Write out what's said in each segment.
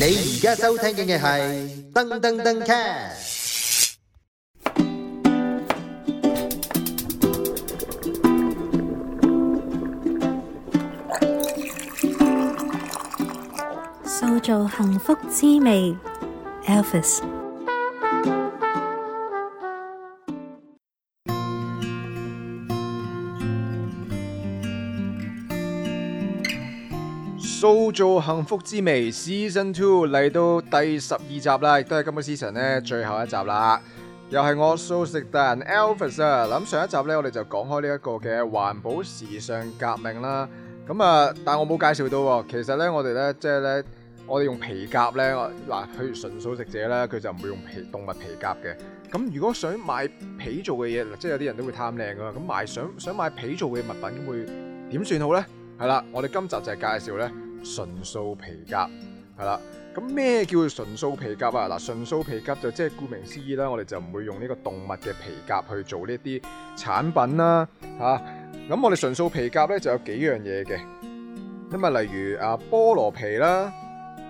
你而家收聽嘅係燈登登 cast，塑造幸福滋味，Elvis。素造幸福之味 Season Two 嚟到第十二集啦，亦都係今個 season 咧最後一集啦。又係我素食達人 Elvis 啊！咁上一集咧，我哋就講開呢一個嘅環保時尚革命啦。咁啊，但我冇介紹到，其實咧我哋咧即係咧，我哋用皮夾咧，嗱，譬如純素食者咧，佢就唔會用皮動物皮夾嘅。咁如果想買皮做嘅嘢，即係有啲人都會貪靚噶。咁買想想買皮做嘅物品，咁會點算好咧？係啦，我哋今集就係介紹咧。純素皮革係啦，咁咩叫純素皮革啊？嗱，純素皮革就即係顧名思義啦，我哋就唔會用呢個動物嘅皮革去做呢啲產品啦，吓、啊，咁我哋純素皮革咧就有幾樣嘢嘅，咁啊，例如啊菠蘿皮啦，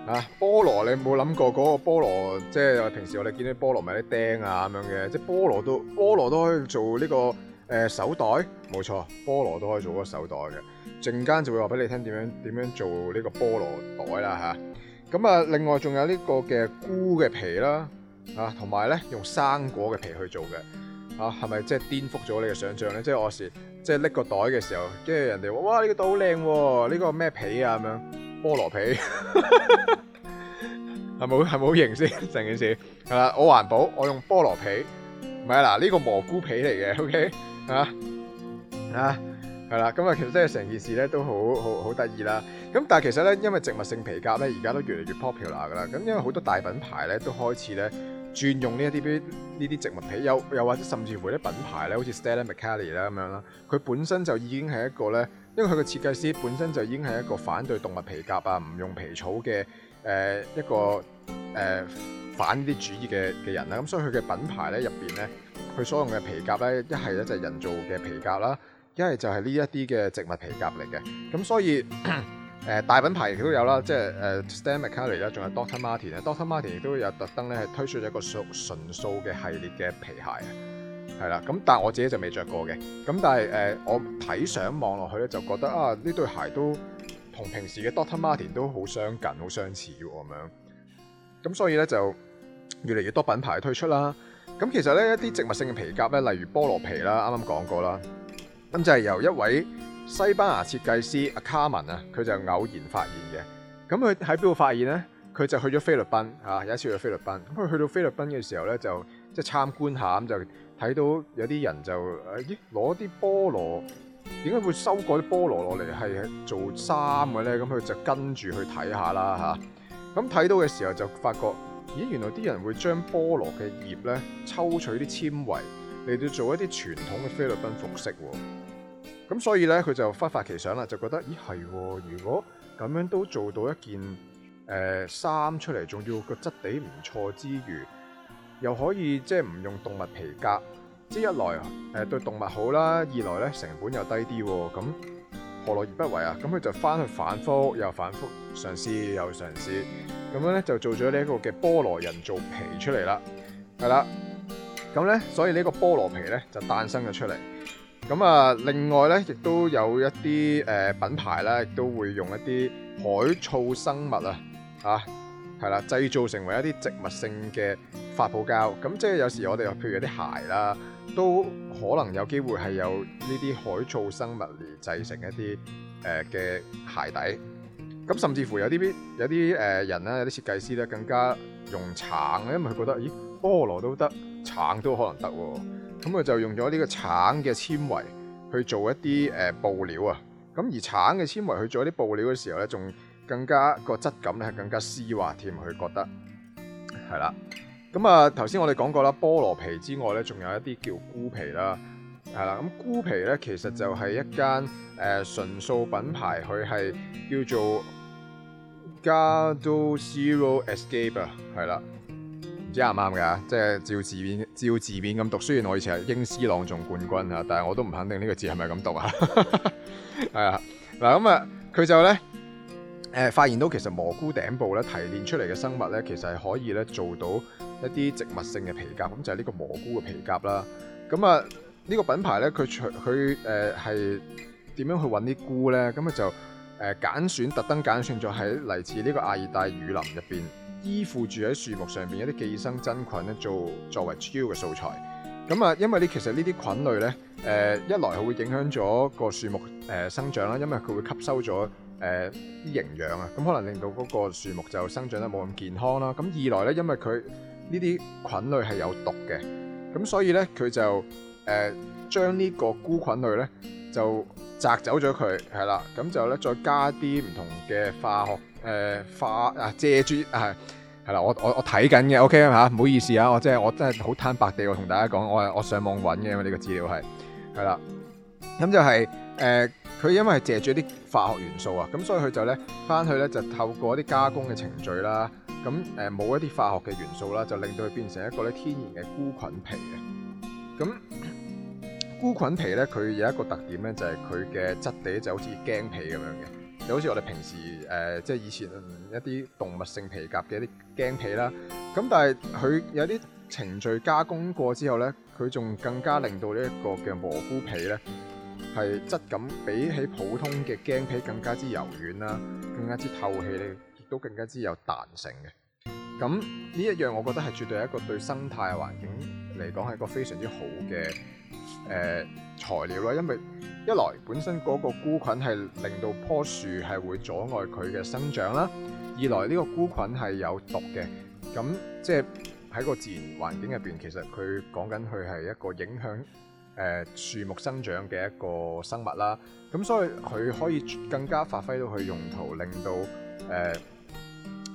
啊菠蘿、啊、你冇諗過嗰個菠蘿，即、就、係、是、平時我哋見到菠蘿咪啲釘啊咁樣嘅，即、就、係、是、菠蘿都菠蘿都可以做呢、這個。誒、呃，手袋冇錯，菠蘿都可以做嗰個手袋嘅。陣間就會話俾你聽點樣點樣做呢個菠蘿袋啦吓。咁啊，另外仲有呢個嘅菇嘅皮啦，啊，同埋咧用生果嘅皮去做嘅，啊，係咪即係顛覆咗你嘅想象咧？即、就、係、是、我時即係拎個袋嘅時候，跟住人哋話哇呢、這個都好靚喎，呢、這個咩皮啊咁樣？菠蘿皮係冇係冇型先？成 件事，係啦，我環保，我用菠蘿皮，唔係嗱呢個蘑菇皮嚟嘅，OK。啊啊係啦，咁啊其實真係成件事咧都好好好得意啦。咁但係其實咧，因為植物性皮革咧而家都越嚟越 popular 噶啦。咁因為好多大品牌咧都開始咧轉用呢一啲呢啲植物皮，又又或者甚至乎啲品牌咧，好似 Stella McCartney 啦咁樣啦，佢本身就已經係一個咧，因為佢嘅設計師本身就已經係一個反對動物皮革啊，唔用皮草嘅誒一個誒反呢啲主義嘅嘅人啦。咁所以佢嘅品牌咧入邊咧，佢所用嘅皮革咧，一係一隻人造嘅皮革啦，一係就係呢一啲嘅植物皮革嚟嘅。咁所以誒大品牌亦都有啦，即係誒 Stella McCartney 啦，仲有 Dr. Martens 咧。Dr. Martens 亦都有特登咧係推出咗一個純素嘅系列嘅皮鞋，係啦。咁但係我自己就未着過嘅。咁但係誒我睇上望落去咧，就覺得啊呢對鞋都同平時嘅 Dr. Martens 都好相近、好相似喎咁樣。咁所以咧就越嚟越多品牌推出啦。咁其實咧一啲植物性嘅皮革咧，例如菠蘿皮啦，啱啱講過啦。咁就係由一位西班牙設計師阿卡文啊，佢就偶然發現嘅。咁佢喺邊度發現咧？佢就去咗菲律賓啊，有一次去咗菲律賓。咁佢去到菲律賓嘅時候咧，就即係參觀下，咁就睇到有啲人就咦攞啲菠蘿，點解會收割啲菠蘿落嚟係做衫嘅咧？咁佢就跟住去睇下啦嚇。咁睇到嘅時候就發覺。咦，原來啲人會將菠蘿嘅葉咧抽取啲纖維嚟到做一啲傳統嘅菲律賓服飾喎。咁所以咧，佢就忽發發奇想啦，就覺得咦係喎，如果咁樣都做到一件誒衫、呃、出嚟，仲要個質地唔錯之餘，又可以即係唔用動物皮革，即係一來誒、呃、對動物好啦，二來咧成本又低啲喎。咁何樂而不為啊？咁佢就翻去反覆又反覆嘗試又嘗試，嘗試嘗試嘗試咁樣咧就做咗呢一個嘅菠蘿人造皮出嚟啦，係啦，咁咧所以呢個菠蘿皮咧就誕生咗出嚟。咁啊，另外咧亦都有一啲、呃、品牌咧，亦都會用一啲海藻生物啊，吓係啦，製造成為一啲植物性嘅發泡膠。咁即係有時我哋譬如啲鞋啦，都可能有機會係有呢啲海藻生物嚟製成一啲嘅、呃、鞋底。咁甚至乎有啲有啲誒人咧，有啲設計師咧更加用橙咧，因為佢覺得咦菠蘿都得，橙都可能得喎。咁佢就用咗呢個橙嘅纖維去做一啲誒布料啊。咁而橙嘅纖維去做一啲布料嘅時候咧，仲更加個質感咧係更加絲滑添。佢覺得係啦。咁啊頭先我哋講過啦，菠蘿皮之外咧，仲有一啲叫菇皮啦。係啦，咁菇皮咧其實就係一間誒純素品牌，佢係叫做，God Zero Escape 啊，係啦，唔知啱唔啱噶，即係照字面照字面咁讀。雖然我以前係英詩朗誦冠軍啊，但係我都唔肯定呢個字係咪咁讀啊？係啊，嗱咁啊，佢就咧，誒、呃，發現到其實蘑菇頂部咧提煉出嚟嘅生物咧，其實係可以咧做到一啲植物性嘅皮革，咁就係呢個蘑菇嘅皮革啦。咁啊，呢、這個品牌咧，佢除佢誒係點樣去搵啲菇咧，咁啊就。誒揀、呃、選特登揀選咗喺嚟自呢個亞熱帶雨林入邊依附住喺樹木上邊一啲寄生真菌咧做作為主要嘅素材。咁啊，因為咧其實呢啲菌類咧，誒、呃、一來佢會影響咗個樹木誒、呃、生長啦，因為佢會吸收咗誒啲營養啊，咁可能令到嗰個樹木就生長得冇咁健康啦。咁二來咧，因為佢呢啲菌類係有毒嘅，咁所以咧佢就誒、呃、將呢個菇菌類咧。就摘走咗佢，係啦，咁就咧再加啲唔同嘅化學誒、呃、化啊借住係係啦，我我我睇緊嘅，OK 啊吓，唔好意思啊，我即係我真係好坦白地我同大家講，我係我上網揾嘅，這個是是的就是呃、因為呢個資料係係啦，咁就係誒，佢因為借住啲化學元素啊，咁所以佢就咧返去咧就透過一啲加工嘅程序啦，咁誒冇一啲化學嘅元素啦，就令到佢變成一個咧天然嘅菇菌皮嘅，咁。菇菌皮咧，佢有一個特點咧，就係佢嘅質地就好似驚皮咁樣嘅，就好似我哋平時誒、呃，即係以前一啲動物性皮革嘅一啲驚皮啦。咁但係佢有啲程序加工過之後咧，佢仲更加令到呢一個嘅蘑菇皮咧，係質感比起普通嘅驚皮更加之柔軟啦，更加之透氣咧，亦都更加之有彈性嘅。咁呢一樣，我覺得係絕對係一個對生態環境嚟講係個非常之好嘅誒、呃、材料啦，因為一來本身嗰個菇菌係令到樖樹係會阻礙佢嘅生長啦，二來呢個菇菌係有毒嘅，咁即係喺個自然環境入邊，其實佢講緊佢係一個影響誒樹木生長嘅一個生物啦，咁所以佢可以更加發揮到佢用途，令到誒、呃、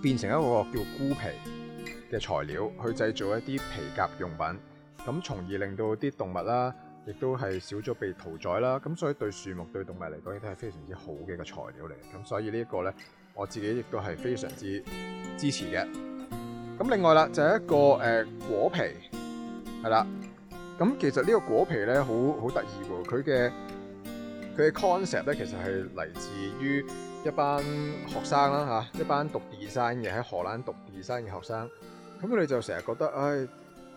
變成一個叫菇皮嘅材料去製造一啲皮革用品。咁，從而令到啲動物啦，亦都係少咗被屠宰啦。咁所以對樹木、對動物嚟講，亦都係非常之好嘅一個材料嚟。咁所以呢一個咧，我自己亦都係非常之支持嘅。咁另外啦，就係一個誒果皮，係啦。咁其實呢個果皮咧，好好得意喎。佢嘅佢嘅 concept 咧，概念其實係嚟自於一班學生啦，一班讀 design 嘅喺荷蘭讀 design 嘅學生。咁佢哋就成日覺得，唉。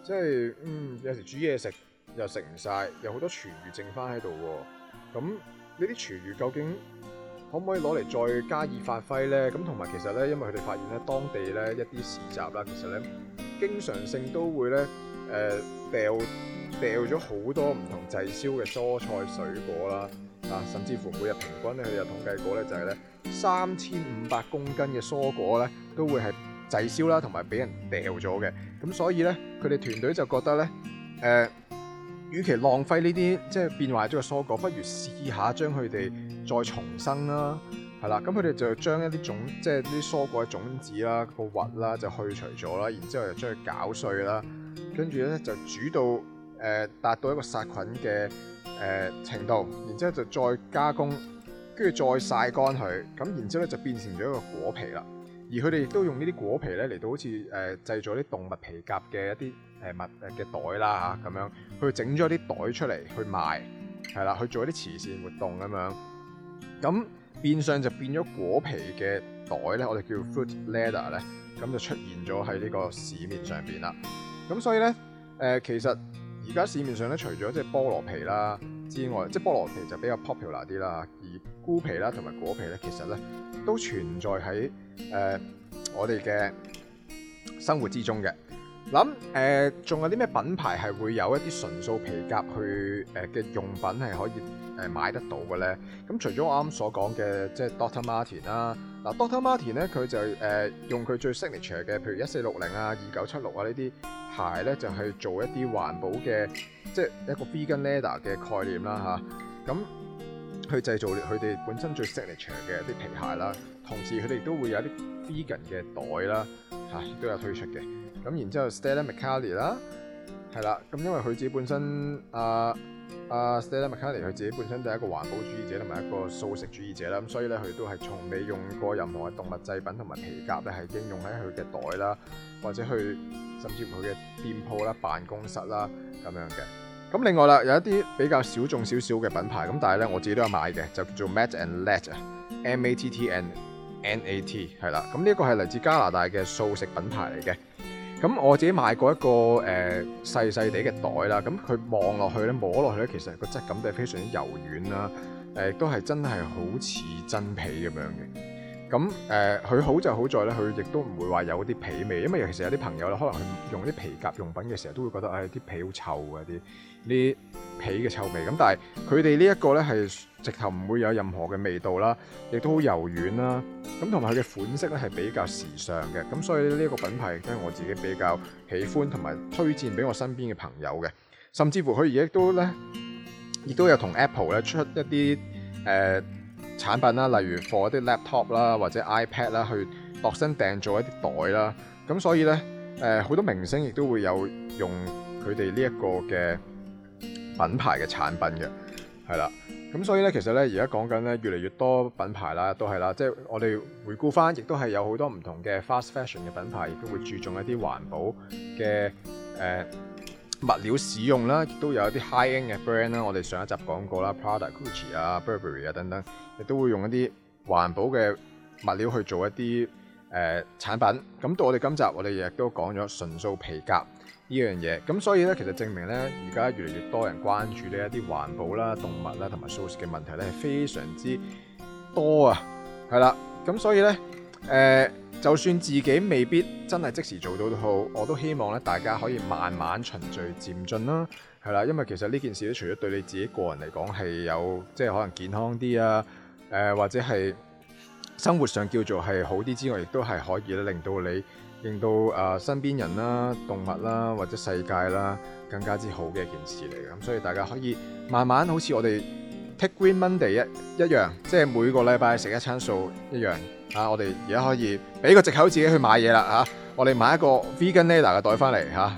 即係嗯，有時煮嘢食又食唔晒，有好多廚餘剩翻喺度喎。咁呢啲廚餘究竟可唔可以攞嚟再加以發揮咧？咁同埋其實咧，因為佢哋發現咧，當地咧一啲市集啦，其實咧經常性都會咧誒掉掉咗好多唔同滯銷嘅蔬菜水果啦，啊，甚至乎每日平均咧，佢哋有統計過咧就係咧三千五百公斤嘅蔬果咧都會係滯銷啦，同埋俾人掉咗嘅，咁所以咧，佢哋團隊就覺得咧，誒、呃，與其浪費呢啲即係變壞咗嘅蔬果，不如試下將佢哋再重生啦。係啦，咁佢哋就將一啲種即係啲蔬果嘅種子啦、個核啦，就去除咗啦，然之後就將佢攪碎啦，跟住咧就煮到誒、呃、達到一個殺菌嘅誒、呃、程度，然之後就再加工，跟住再曬乾佢，咁然之後咧就變成咗一個果皮啦。而佢哋亦都用呢啲果皮咧，嚟到好似誒製造啲動物皮夾嘅一啲誒物誒嘅袋啦嚇，咁樣，去整咗啲袋出嚟去賣，係啦，去做一啲慈善活動咁樣。咁變相就變咗果皮嘅袋咧，我哋叫 fruit leather 咧，咁就出現咗喺呢個市面上邊啦。咁所以咧誒、呃，其實而家市面上咧，除咗即係菠蘿皮啦之外，即係菠蘿皮就比較 popular 啲啦，而菇皮啦同埋果皮咧，其實咧都存在喺誒、呃、我哋嘅生活之中嘅。諗誒，仲、呃、有啲咩品牌係會有一啲純素皮革去誒嘅、呃、用品係可以誒、呃、買得到嘅咧？咁除咗我啱啱所講嘅，即係 Dr. Martin 啦、啊。嗱，Doctor Marten 咧，佢、啊、就誒、呃、用佢最 signature 嘅，譬如一四六零啊、二九七六啊，這些呢啲鞋咧，就係做一啲環保嘅，即、就、係、是、一個 vegan leather 嘅概念啦，吓、啊，咁去製造佢哋本身最 signature 嘅一啲皮鞋啦，同時佢哋都會有啲 vegan 嘅袋啦，亦、啊、都有推出嘅，咁然之後 Stella McCartney 啦，係、啊、啦，咁因為佢自己本身啊。呃阿 Stella McCartney 佢自己本身就係一個環保主義者同埋一個素食主義者啦，咁所以咧佢都係從未用過任何嘅動物製品同埋皮革咧係應用喺佢嘅袋啦，或者去甚至乎佢嘅店鋪啦、辦公室啦咁樣嘅。咁另外啦，有一啲比較小眾少少嘅品牌，咁但係咧我自己都有買嘅，就叫做 Matt and Nat 啊，M A T T N N A T 係啦。咁呢個係嚟自加拿大嘅素食品牌嚟嘅。咁我自己買過一個誒、呃、細細地嘅袋啦，咁佢望落去咧，摸落去咧，其實個質感都非常之柔軟啦、呃，都係真係好似真皮咁樣嘅。咁呃，佢好就好在咧，佢亦都唔會話有啲皮味，因為尤其係有啲朋友咧，可能佢用啲皮革用品嘅時候，都會覺得唉，啲、哎、皮好臭啊，啲啲皮嘅臭味。咁但係佢哋呢一個咧係直頭唔會有任何嘅味道啦，亦都好柔軟啦。咁同埋佢嘅款式咧係比較時尚嘅。咁所以呢一個品牌都係我自己比較喜歡同埋推薦俾我身邊嘅朋友嘅。甚至乎佢而家都咧，亦都有同 Apple 咧出一啲誒產品啦，例如 for 一啲 laptop 啦，或者 iPad 啦，去度身訂做一啲袋啦。咁所以呢，誒、呃、好多明星亦都會有用佢哋呢一個嘅品牌嘅產品嘅，係啦。咁所以呢，其實呢，而家講緊呢，越嚟越多品牌啦，都係啦，即、就、係、是、我哋回顧返，亦都係有好多唔同嘅 fast fashion 嘅品牌，亦都會注重一啲環保嘅誒。呃物料使用啦，亦都有一啲 high end 嘅 brand 啦。我哋上一集講過啦，Prada、Gucci Pr 啊、Burberry 啊等等，亦都會用一啲環保嘅物料去做一啲誒、呃、產品。咁到我哋今集，我哋亦都講咗純素皮革呢樣嘢。咁、這個、所以咧，其實證明咧，而家越嚟越多人關注呢一啲環保啦、動物啦同埋素食嘅問題咧，係非常之多啊。係啦，咁所以咧誒。呃就算自己未必真係即時做到都好，我都希望咧，大家可以慢慢循序漸進啦，係啦，因為其實呢件事咧，除咗對你自己個人嚟講係有即係可能健康啲啊，誒、呃、或者係生活上叫做係好啲之外，亦都係可以咧令到你，令到誒身邊人啦、動物啦或者世界啦更加之好嘅一件事嚟嘅，咁所以大家可以慢慢好似我哋 Take Green Monday 一一樣，即係每個禮拜食一餐素一樣。啊！我哋而家可以俾個藉口自己去買嘢啦嚇！我哋買一個 vegan leather 嘅袋翻嚟嚇，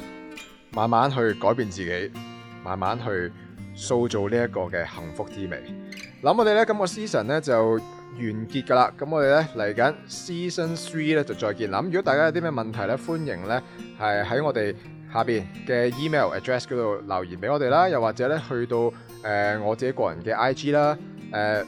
慢慢去改變自己，慢慢去塑造呢一個嘅幸福滋味。咁、啊、我哋咧，咁個 season 咧就完結噶啦。咁、啊、我哋咧嚟緊 season three 咧就再見啦。咁、啊、如果大家有啲咩問題咧，歡迎咧係喺我哋下邊嘅 email address 嗰度留言俾我哋啦，又或者咧去到誒、呃、我自己個人嘅 IG 啦、呃，誒。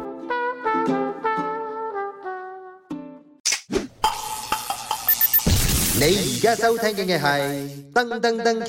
你而家收聽嘅係《噔噔噔 cast》。